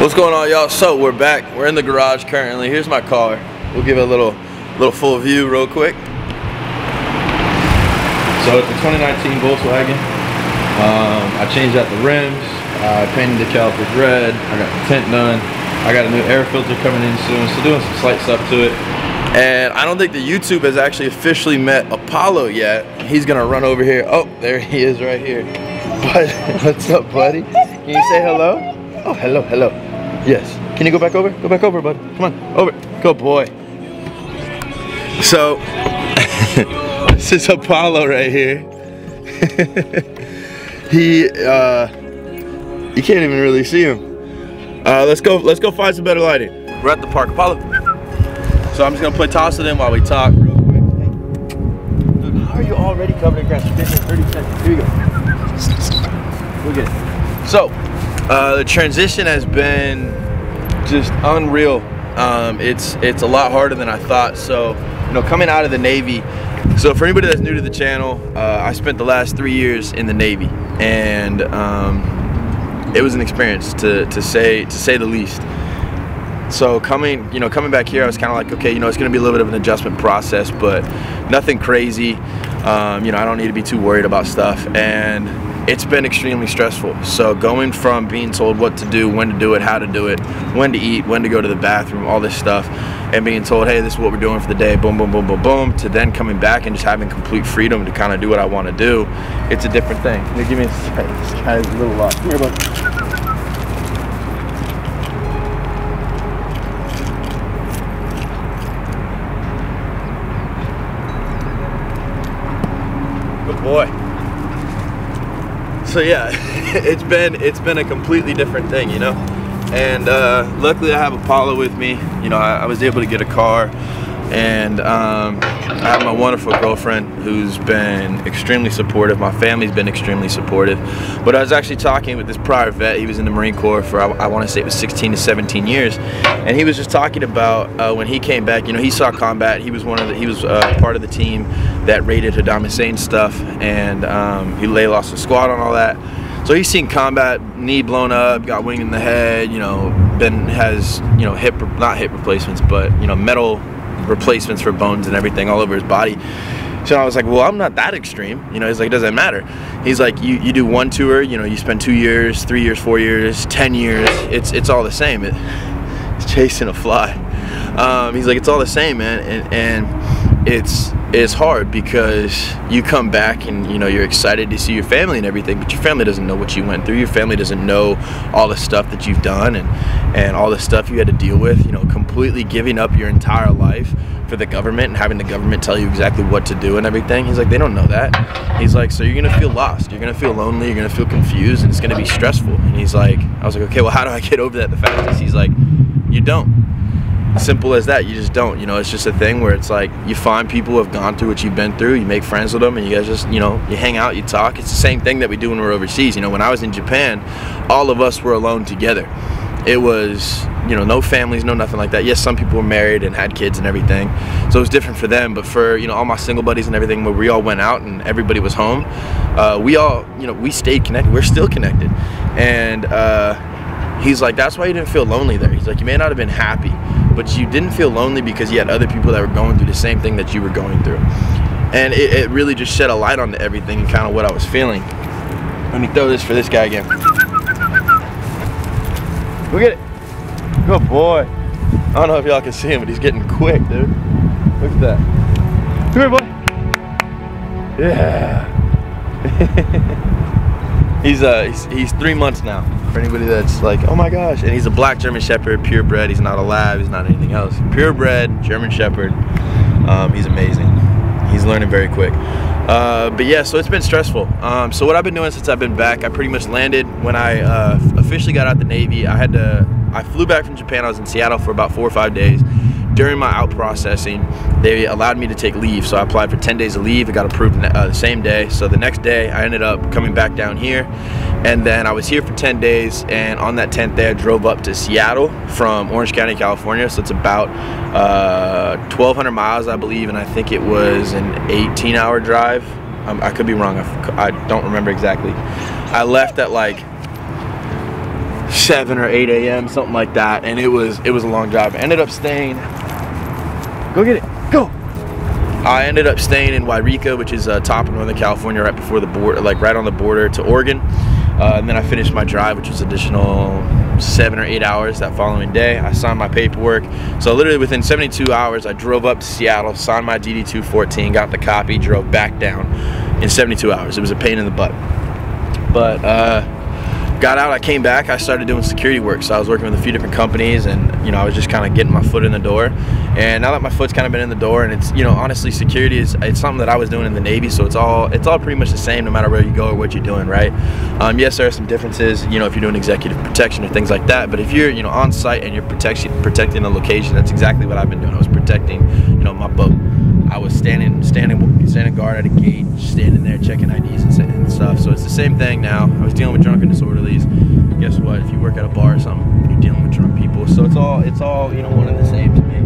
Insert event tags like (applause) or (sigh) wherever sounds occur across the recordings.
What's going on y'all? So we're back. We're in the garage currently. Here's my car. We'll give it a little little full view real quick. So it's a 2019 Volkswagen. Um, I changed out the rims. I painted the calipers red. I got the tint done. I got a new air filter coming in soon. So doing some slight stuff to it. And I don't think the YouTube has actually officially met Apollo yet. He's gonna run over here. Oh, there he is right here. (laughs) But what's up, buddy? Can you say hello? Oh, hello, hello. Yes. Can you go back over? Go back over, bud. Come on, over. Good boy. So, (laughs) this is Apollo right here. (laughs) he, uh, you can't even really see him. Uh, let's go. Let's go find some better lighting. We're at the park, Apollo. So I'm just gonna play toss with him while we talk real quick. Dude, how are you already covered in grass? You've been here 30 seconds. Here you go. Look at it. So, uh, the transition has been just unreal. Um, it's it's a lot harder than I thought. So, you know, coming out of the Navy. So for anybody that's new to the channel, uh, I spent the last three years in the Navy, and um, it was an experience to to say to say the least. So coming, you know, coming back here, I was kind of like, okay, you know, it's going to be a little bit of an adjustment process, but nothing crazy. Um, you know, I don't need to be too worried about stuff. And it's been extremely stressful. So going from being told what to do, when to do it, how to do it, when to eat, when to go to the bathroom, all this stuff, and being told, hey, this is what we're doing for the day, boom, boom, boom, boom, boom, to then coming back and just having complete freedom to kind of do what I want to do, it's a different thing. Give me this guy's a little lot. Here, bud. so yeah, (laughs) it's been it's been a completely different thing, you know. And uh, luckily, I have Apollo with me. You know, I, I was able to get a car and um, I have my wonderful girlfriend who's been extremely supportive. My family's been extremely supportive. But I was actually talking with this prior vet. He was in the Marine Corps for I, I want to say it was 16 to 17 years, and he was just talking about uh, when he came back. You know, he saw combat. He was one of the, he was uh, part of the team that raided Saddam Hussein stuff, and um, he lay lost a squad on all that. So he's seen combat, knee blown up, got wing in the head. You know, been has you know hip not hip replacements, but you know metal replacements for bones and everything all over his body. So I was like, well, I'm not that extreme. You know, he's like, it doesn't matter. He's like, you, you do one tour, you know, you spend two years, three years, four years, 10 years. It's, it's all the same. It, it's chasing a fly. Um, he's like, it's all the same, man. And, and it's, it's hard because you come back and you know you're excited to see your family and everything but your family doesn't know what you went through your family doesn't know all the stuff that you've done and and all the stuff you had to deal with you know completely giving up your entire life for the government and having the government tell you exactly what to do and everything he's like they don't know that he's like so you're gonna feel lost you're gonna feel lonely you're gonna feel confused and it's gonna be stressful and he's like i was like okay well how do i get over that the fastest he's like you don't simple as that. You just don't. You know, it's just a thing where it's like you find people who have gone through what you've been through, you make friends with them, and you guys just, you know, you hang out, you talk. It's the same thing that we do when we're overseas. You know, when I was in Japan, all of us were alone together. It was, you know, no families, no nothing like that. Yes, some people were married and had kids and everything, so it was different for them. But for you know, all my single buddies and everything, where we all went out and everybody was home, uh, we all, you know, we stayed connected. We're still connected, and. Uh, he's like, that's why you didn't feel lonely there. He's like, you may not have been happy, but you didn't feel lonely because you had other people that were going through the same thing that you were going through. And it, it really just shed a light onto everything and kind of what I was feeling. Let me throw this for this guy again. Go get it. Good boy. I don't know if y'all can see him, but he's getting quick, dude. Look at that. Come here, boy. Yeah. (laughs) He's uh he's, he's, three months now. For anybody that's like, oh my gosh, and he's a black German Shepherd, purebred. He's not a lab. He's not anything else. Purebred German Shepherd. Um, he's amazing. He's learning very quick. Uh, but yeah, so it's been stressful. Um, so what I've been doing since I've been back, I pretty much landed when I uh, officially got out the Navy. I had to, I flew back from Japan. I was in Seattle for about four or five days during my out processing, they allowed me to take leave. So I applied for 10 days of leave. It got approved uh, the same day. So the next day, I ended up coming back down here. And then I was here for 10 days. And on that 10th day, I drove up to Seattle from Orange County, California. So it's about uh, 1,200 miles, I believe. And I think it was an 18 hour drive. Um, I could be wrong. I, I don't remember exactly. I left at like 7 or 8 a.m. something like that and it was it was a long drive I ended up staying Go get it. Go. I ended up staying in Wairika, which is uh, top of Northern California, right before the border, like right on the border to Oregon. Uh, and then I finished my drive, which was additional seven or eight hours that following day. I signed my paperwork. So literally within 72 hours, I drove up to Seattle, signed my DD-214, got the copy, drove back down in 72 hours. It was a pain in the butt. But uh, got out, I came back, I started doing security work. So I was working with a few different companies and, you know, I was just kind of getting my foot in the door. And now that my foot's kind of been in the door and it's, you know, honestly, security is, it's something that I was doing in the Navy. So it's all, it's all pretty much the same no matter where you go or what you're doing, right? Um, yes, there are some differences, you know, if you're doing executive protection or things like that. But if you're, you know, on site and you're protecting protecting a location, that's exactly what I've been doing. I was protecting, you know, my boat. I was standing standing standing guard at a gate, standing there checking IDs and, stuff. So it's the same thing now. I was dealing with drunken disorderlies. Guess what? If you work at a bar or something, you're dealing with drunk people. So it's all it's all you know one and the same to me.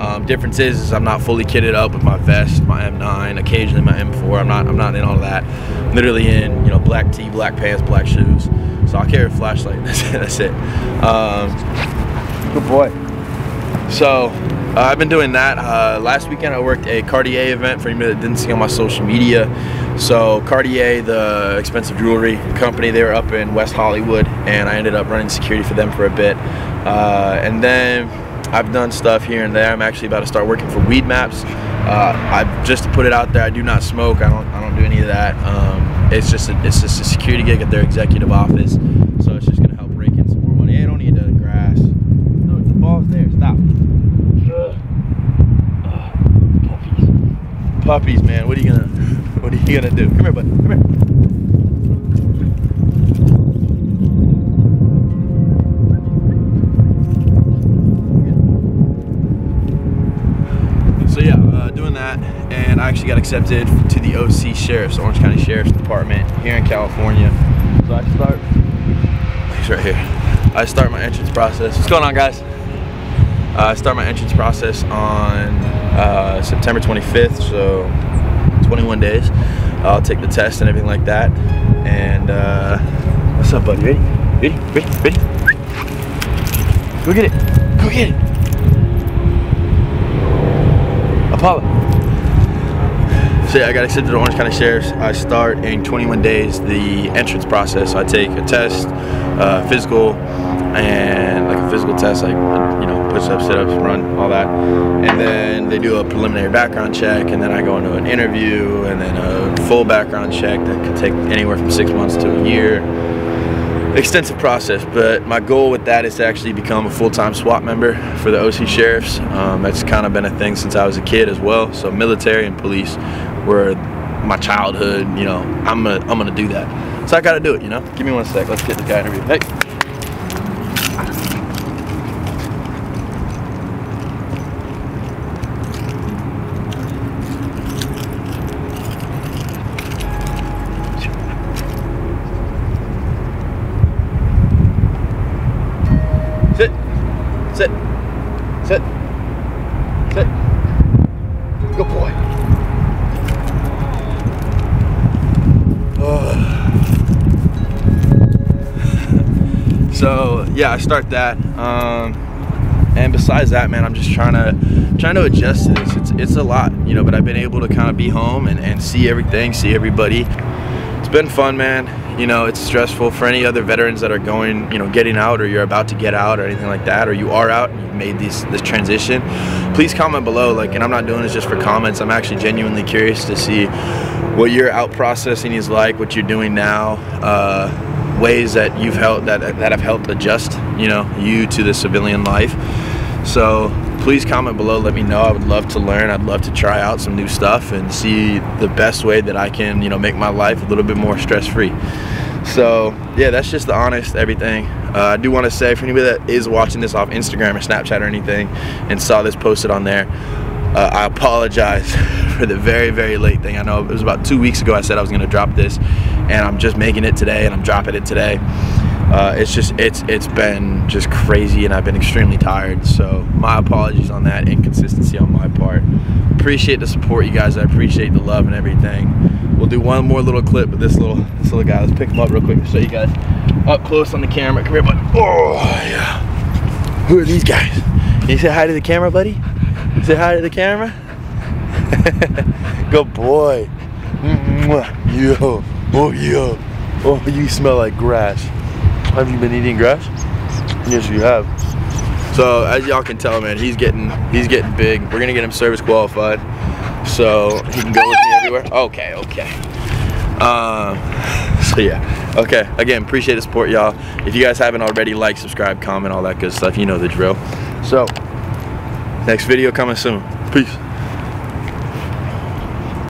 Um, difference is, is I'm not fully kitted up with my vest, my M9, occasionally my M4. I'm not I'm not in all that. I'm literally in you know black tee, black pants, black shoes. So I carry a flashlight. That's (laughs) it. That's it. Um, Good boy. So uh, I've been doing that. Uh, last weekend I worked a Cartier event for you that didn't see on my social media. So Cartier, the expensive jewelry company, they were up in West Hollywood and I ended up running security for them for a bit. Uh, and then I've done stuff here and there. I'm actually about to start working for Weed Maps. Uh, i just to put it out there, I do not smoke. I don't, I don't do any of that. Um, it's just a, it's just a security gig at their executive office. So it's just puppies, man. What are you gonna what are you gonna do? Come here, bud. Come here. So yeah, uh, doing that, and I actually got accepted to the OC Sheriff's, Orange County Sheriff's Department here in California. So I start, he's right here. I start my entrance process. What's going on, guys? Uh, I start my entrance process on uh, September 25th, so 21 days. I'll take the test and everything like that. And uh, what's up, buddy? Ready? Ready? Ready? Ready? Go get it. Go get it. Apollo. So yeah, I got accepted to Orange County Sheriff's. I start in 21 days the entrance process. So I take a test, uh, physical, and like a physical test, like you know push-ups, sit-ups, run, all that. And then they do a preliminary background check, and then I go into an interview, and then a full background check that could take anywhere from six months to a year. Extensive process, but my goal with that is to actually become a full-time SWAT member for the OC Sheriffs. Um, that's kind of been a thing since I was a kid as well. So military and police were my childhood. You know, I'm gonna I'm gonna do that. So I gotta do it. You know, give me one sec. Let's get the guy interview. Hey. so yeah I start that um, and besides that man I'm just trying to trying to adjust to this it's, it's a lot you know but I've been able to kind of be home and, and see everything see everybody it's been fun man you know it's stressful for any other veterans that are going you know getting out or you're about to get out or anything like that or you are out and you've made these this transition please comment below like and I'm not doing this just for comments I'm actually genuinely curious to see what your out processing is like what you're doing now uh, ways that you've helped that that have helped adjust you know you to the civilian life so please comment below let me know i would love to learn i'd love to try out some new stuff and see the best way that i can you know make my life a little bit more stress free so yeah that's just the honest everything uh, i do want to say for anybody that is watching this off instagram or snapchat or anything and saw this posted on there uh, I apologize for the very, very late thing. I know it was about two weeks ago I said I was gonna drop this and I'm just making it today and I'm dropping it today. Uh, it's just, it's it's been just crazy and I've been extremely tired. So my apologies on that inconsistency on my part. Appreciate the support you guys. I appreciate the love and everything. We'll do one more little clip with this little, this little guy. Let's pick him up real quick so you guys up close on the camera. Come here, buddy. Oh, yeah. Who are these guys? Can you say hi to the camera, buddy? Say hi to the camera. (laughs) Good boy. Yo. Oh, yo. Oh, you smell like grass. Have you been eating grass? Yes, you have. So as y'all can tell, man, he's getting he's getting big. We're gonna get him service qualified, so he can go with me everywhere. Okay, okay. Uh, so yeah, okay. Again, appreciate the support, y'all. If you guys haven't already, like, subscribe, comment, all that good stuff. You know the drill. So. Next video coming soon. Peace.